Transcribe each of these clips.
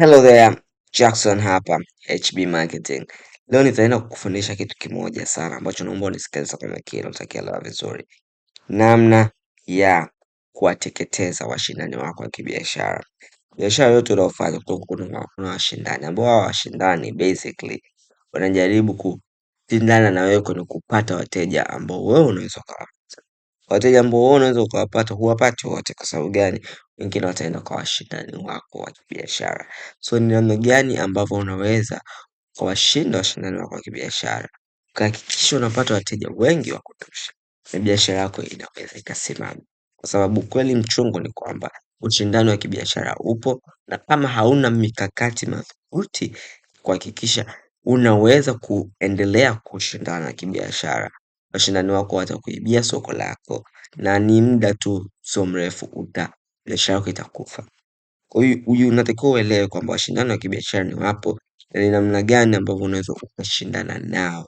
Hello there, Jackson hapa HB Marketing. Leo nitaenda kukufundisha kitu kimoja sana ambacho naomba unisikilize kwa makini utakielewa vizuri. Namna ya kuwateketeza washindani wako wa kibiashara. Biashara yote unaofanya kuna washindani ambao hawa washindani basically wanajaribu kushindana na wewe kwenye kupata wateja ambao wewe unaweza ukawa wateja ambao wewe unaweza ukawapata huwapati wote. Kwa sababu gani? Wengine wataenda kwa washindani wako wa kibiashara. So ni namna gani ambavyo unaweza kuwashinda washindani wako wa kibiashara, ukahakikisha unapata wateja wengi wa kutosha, na biashara yako inaweza ikasimama, kwa sababu kweli mchungu ni kwamba ushindani wa kibiashara upo, na kama hauna mikakati madhubuti kuhakikisha unaweza kuendelea kushindana kibiashara, washindani wako watakuibia soko lako, na ni muda tu sio mrefu uta biashara yako itakufa. Kwa hiyo huyu unatakiwa uelewe kwamba washindani wa kibiashara ni wapo na ni namna gani ambavyo unaweza ukashindana nao.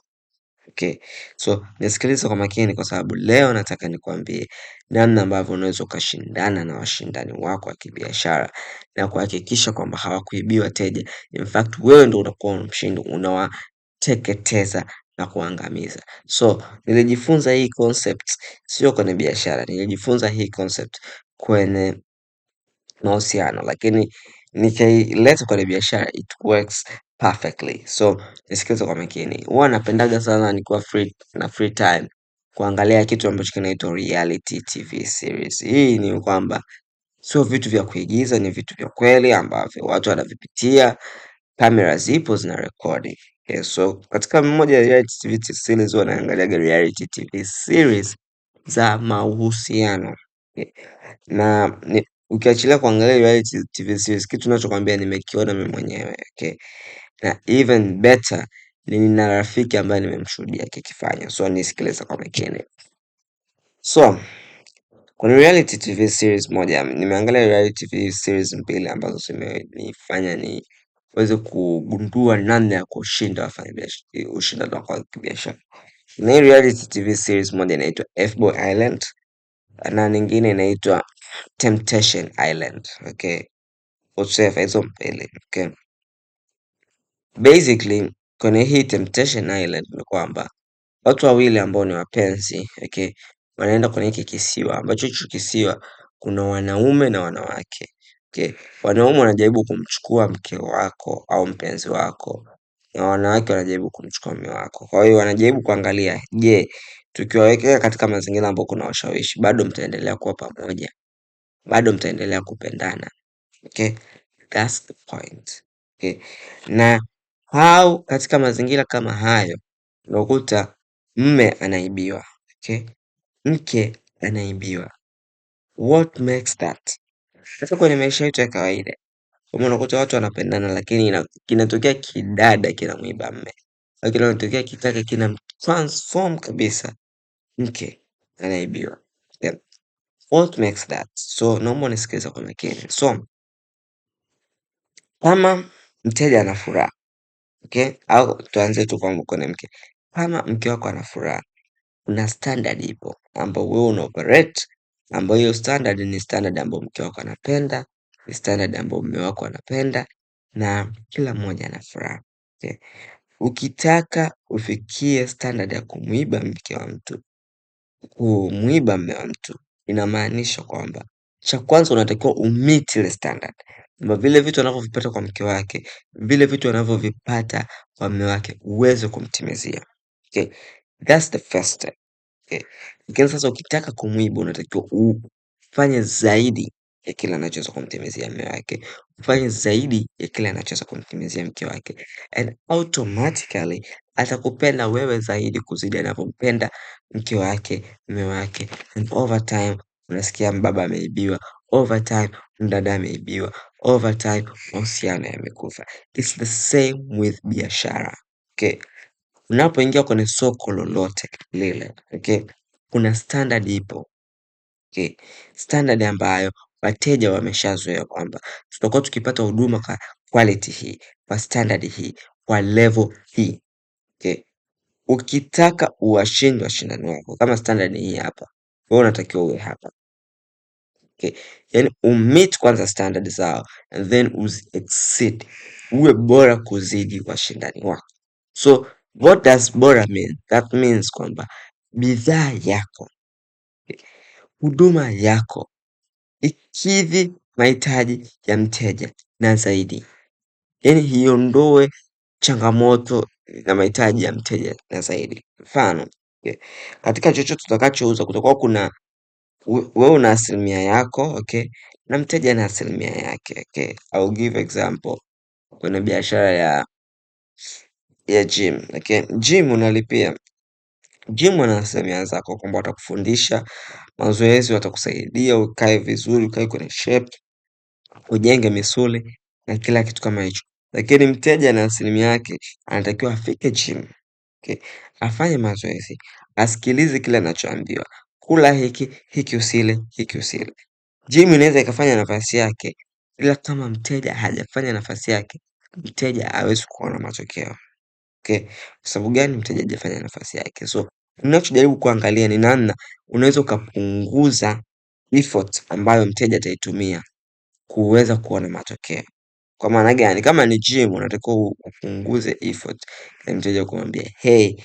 Okay. So nisikilize kwa makini kwa sababu leo nataka nikwambie namna ambavyo unaweza ukashindana na washindani wako wa kibiashara na kuhakikisha kwamba hawakuibii wateja. In fact, wewe ndio unakuwa mshindi unawateketeza na kuangamiza. So nilijifunza hii concept sio kwenye biashara, nilijifunza hii concept kwenye mahusiano, lakini nikaileta kwenye biashara it works perfectly. So nisikilize kwa makini, huwa napendaga sana nikiwa free na free time kuangalia kitu ambacho kinaitwa reality TV series. Hii ni kwamba sio vitu vya kuigiza, ni vitu vya kweli ambavyo watu wanavipitia, kamera zipo zina rekodi. Okay, so katika mmoja ya reality TV series wanaangaliaga reality TV series za mahusiano Okay. Na ni, ukiachilia kuangalia reality TV series, kitu ninachokwambia nimekiona mimi mwenyewe okay. Na even better nina rafiki ambaye nimemshuhudia kikifanya, so nisikilize kwa makini. So kuna reality TV series moja nimeangalia reality TV series mbili ambazo zimenifanya ni waweze kugundua namna ya kushinda wafanyabiashara ushindani wa kibiashara. Kuna hii reality TV series moja inaitwa F-Boy Island na nyingine inaitwa Temptation Island, okay? Usefa hizo mbili, okay? Basically kwenye hii Temptation Island ni kwamba watu wawili ambao ni wapenzi okay, wanaenda kwenye hiki kisiwa ambacho hicho kisiwa kuna wanaume na wanawake Okay. Wanaume wanajaribu kumchukua mke wako au mpenzi wako na wanawake wanajaribu kumchukua mume wako. Kwa hiyo wanajaribu kuangalia, je, tukiwaweka katika mazingira ambayo kuna ushawishi bado mtaendelea kuwa pamoja, bado mtaendelea kupendana. Okay? That's the point. Okay. Na how katika mazingira kama hayo unakuta mme anaibiwa. Okay? Mke anaibiwa. What makes that? Sasa kwenye maisha yetu ya kawaida, kama unakuta watu wanapendana lakini kinatokea kidada kinamuiba mme, lakini anatokea kitaka kina transform kabisa mke anaibiwa. Yeah. What makes that? So naomba unisikilize kwa makini. So kama mteja ana furaha, okay? Au tuanze tu kwa mkono mke. Kama mke wako ana furaha, kuna standard ipo ambayo wewe una operate ambayo hiyo standard ni standard ambayo mke wako anapenda, ni standard ambayo mume wako anapenda na kila mmoja ana furaha. Okay. Ukitaka ufikie standard ya kumwiba mke wa mtu, kumwiba mume wa mtu, inamaanisha kwamba cha kwanza unatakiwa umiti ile standard kwamba vile vitu anavyovipata kwa mke wake, vile vitu anavyovipata kwa mume wake uweze kumtimizia. Okay. That's the first step. Okay. Eh, lakini sasa ukitaka kumwiba unatakiwa ufanye zaidi ya kile anachoweza kumtimizia mme wake, ufanye zaidi ya kile anachoweza kumtimizia mke wake, and automatically atakupenda wewe zaidi kuzidi anavyompenda mke wake, mme wake, and over time unasikia baba ameibiwa, over time mdada ameibiwa, over time mahusiano yamekufa. It's the same with biashara. Okay. Unapoingia kwenye soko lolote lile, okay, kuna standard ipo, okay. Standard ambayo wateja wameshazoea kwamba tutakuwa tukipata huduma kwa quality hii, kwa standard hii, kwa level hii, okay. Ukitaka uwashinde washindani wako kama standard hii hapa, wewe unatakiwa uwe hapa. Okay. Yani umeet kwanza standard zao and then uzi exceed uwe bora kuzidi washindani wako so What does bora mean? That means kwamba bidhaa yako, huduma yako ikidhi mahitaji ya mteja na zaidi, yaani iondoe changamoto na mahitaji ya mteja na zaidi. Mfano, okay, katika chochote tutakachouza kutakuwa kuna wewe una asilimia yako okay, na mteja na asilimia yake okay. I'll give example kwenye biashara ya ya gym. Okay? gym unalipia. Gym wanasemea zako kwamba watakufundisha mazoezi, watakusaidia ukae vizuri, ukae kwenye shape, ujenge misuli na kila kitu kama hicho. Lakini mteja na asilimia yake anatakiwa afike gym. Okay. Afanye mazoezi, asikilize kile anachoambiwa, kula hiki, hiki usile, hiki usile. Gym inaweza ikafanya nafasi yake, ila kama mteja hajafanya nafasi yake, mteja hawezi kuona matokeo. Okay. Kwa sababu gani mteja hajafanya nafasi yake? So, unachojaribu kuangalia ni namna unaweza ukapunguza effort ambayo mteja ataitumia kuweza kuona matokeo. Kwa maana gani? Kama ni gym unatakiwa upunguze effort na mteja kumwambia, "Hey,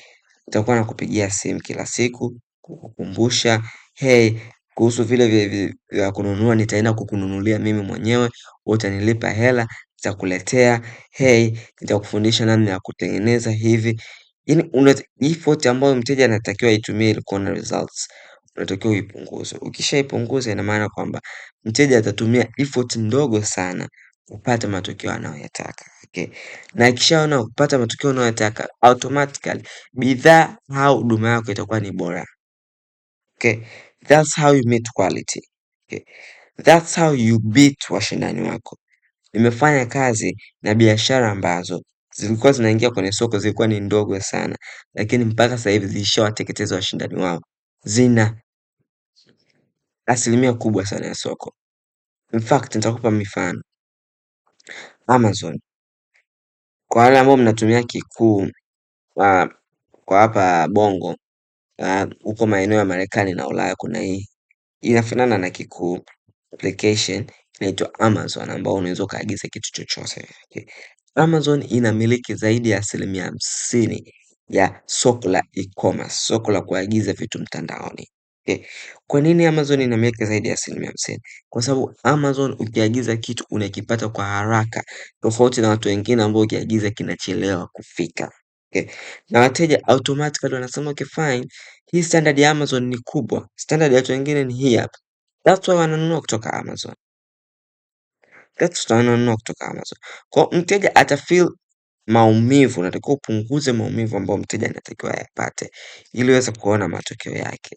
nitakuwa nakupigia simu kila siku kukukumbusha. Hey, kuhusu vile vya kununua nitaenda kukununulia mimi mwenyewe, utanilipa hela." nitakuletea hey, nitakufundisha namna ya kutengeneza hivi. Yani hii ambayo mteja anatakiwa aitumie ili kuona results unatakiwa uipunguze. Ukishaipunguza ina maana kwamba mteja atatumia effort ndogo sana kupata matokeo anayoyataka. Okay. Na akishaona kupata matokeo unayotaka automatically bidhaa au huduma yako itakuwa ni bora. Okay. That's how you meet quality. Okay. That's how you beat washindani wako imefanya kazi na biashara ambazo zilikuwa zinaingia kwenye soko zilikuwa ni ndogo sana, lakini mpaka sasa hivi zilishawateketeza washindani wao, zina asilimia kubwa sana ya soko. In fact nitakupa mifano Amazon kwa wale ambao mnatumia kikuu kwa hapa Bongo huko maeneo ya Marekani na Ulaya kuna hii inafanana na kikuu application inaitwa Amazon ambao unaweza ukaagiza kitu chochote. Amazon inamiliki zaidi ya asilimia hamsini ya soko la e-commerce, soko la kuagiza vitu mtandaoni. Okay. Kwa nini Amazon inamiliki zaidi ya asilimia hamsini? Kwa sababu Amazon ukiagiza kitu unakipata kwa haraka tofauti na watu wengine ambao ukiagiza kinachelewa kufika. Okay. Na wateja automatically wanasema okay fine, hii standard ya Amazon ni kubwa, standard ya watu wengine ni hii hapa. That's why wananunua kutoka Amazon. That's tano nne kutoka Amazon. Kwa mteja ata feel maumivu, unatakiwa upunguze maumivu ambayo mteja anatakiwa yapate ili uweze kuona matokeo yake.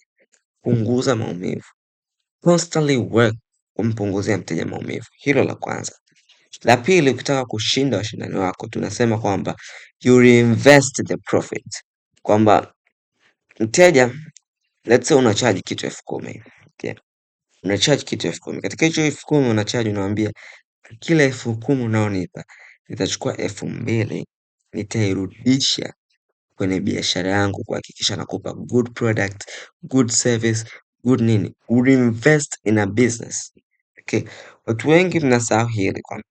Punguza maumivu. Constantly work kumpunguzia mteja maumivu. Hilo la kwanza. La pili, ukitaka kushinda washindani wako, tunasema kwamba you reinvest the profit. Kwamba mteja let's say unacharge kitu elfu kumi. Okay. Unacharge kitu elfu kumi. Katika hicho elfu kumi unacharge unawambia kila elfu kumi unaonipa, nitachukua elfu mbili, nitairudisha kwenye biashara yangu kuhakikisha nakupa good product, good service, good nini, good invest in a business. Okay, watu wengi mnasahau hili kwamba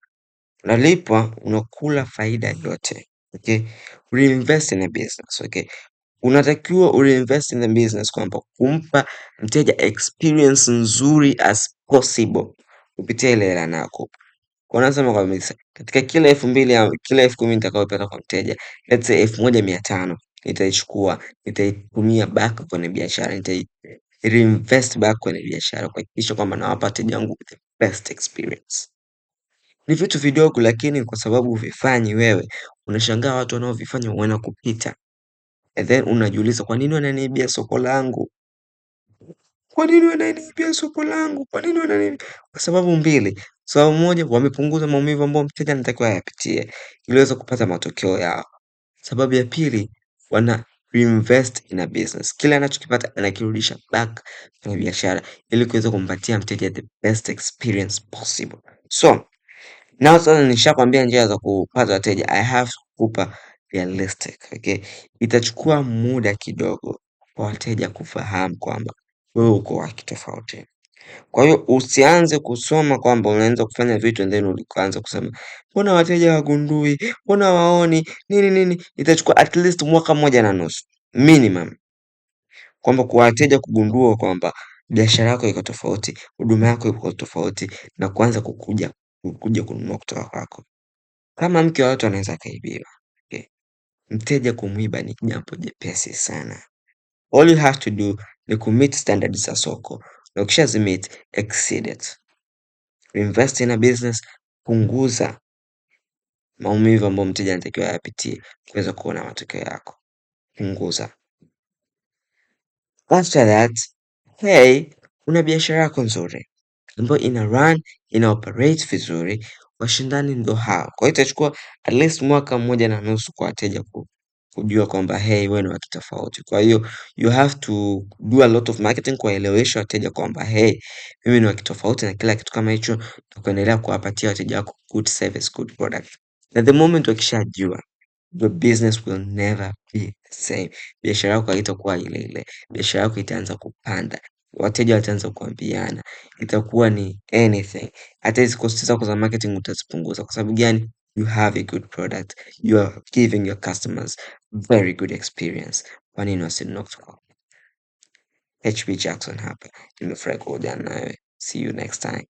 unalipwa unakula faida yote. Okay, reinvest in a business. Okay, unatakiwa ureinvest in the business kwamba kumpa mteja experience nzuri as possible kupitia ile hela yako. Kwa hiyo kwa misa, katika kila elfu mbili ya kila elfu kumi nitakayopata kwa mteja, let's say elfu moja mia tano nitaichukua, nitaitumia back kwenye biashara, nitai reinvest back kwenye biashara kuhakikisha kwamba nawapa wateja wangu the best experience. Ni vitu vidogo lakini kwa sababu huvifanyi wewe, unashangaa watu wanaovifanya wana kupita, And then unajiuliza kwa nini wananiibia soko langu? Kwa nini wananiibia soko langu? Kwa nini wananiibia? Kwa sababu mbili sababu moja wamepunguza maumivu ambayo mteja anatakiwa ayapitie ili aweze kupata matokeo yao. Sababu ya pili wana reinvest in a business. Kile anachokipata anakirudisha back kwenye biashara ili kuweza kumpatia mteja the best experience possible. So, nao sasa nishakwambia njia za kupata wateja. I have to kupa realistic, okay? Itachukua muda kidogo kwa wateja kufahamu kwamba wewe uko wakitofauti kwa hiyo usianze kusoma kwamba unaanza kufanya vitu and then ukaanza kusema mbona wateja wagundui, mbona waoni nini nini, itachukua at least mwaka mmoja na nusu minimum kwamba kwa wateja kugundua kwamba biashara yako iko tofauti, huduma yako iko tofauti na kuanza kukuja kukuja kununua kutoka kwako. Kama mke wa watu anaweza akaibiwa, okay. Mteja kumwiba ni jambo jepesi sana. All you have to do ni kumeet standards za soko na ukishazimit exceed. Invest in a business, punguza maumivu ambayo mteja anatakiwa ayapitie kuweza kuona matokeo yako, punguza. After that, hey, una biashara yako nzuri ambayo ina run ina operate vizuri, washindani ndo hao. Kwa hiyo itachukua at least mwaka mmoja na nusu kwa wateja ku kujua kwamba hey, wewe ni wa kitofauti. Kwa hiyo you have to do a lot of marketing kuwaelewesha wateja kwamba hey, mimi ni wa kitofauti na kila kitu kama hicho, na kuendelea kuwapatia wateja wako good service, good product. Na the moment wakishajua the business will never be the same. Biashara yako haitakuwa ile ile, biashara yako itaanza kupanda, wateja wataanza kuambiana, itakuwa ni anything. Hata hizi zako za marketing utazipunguza. Kwa sababu gani? you have a good product, you are giving your customers very good experience. in nini wasinote kwako? HB Jackson hapa, nimefurahi kuongea I See you next time.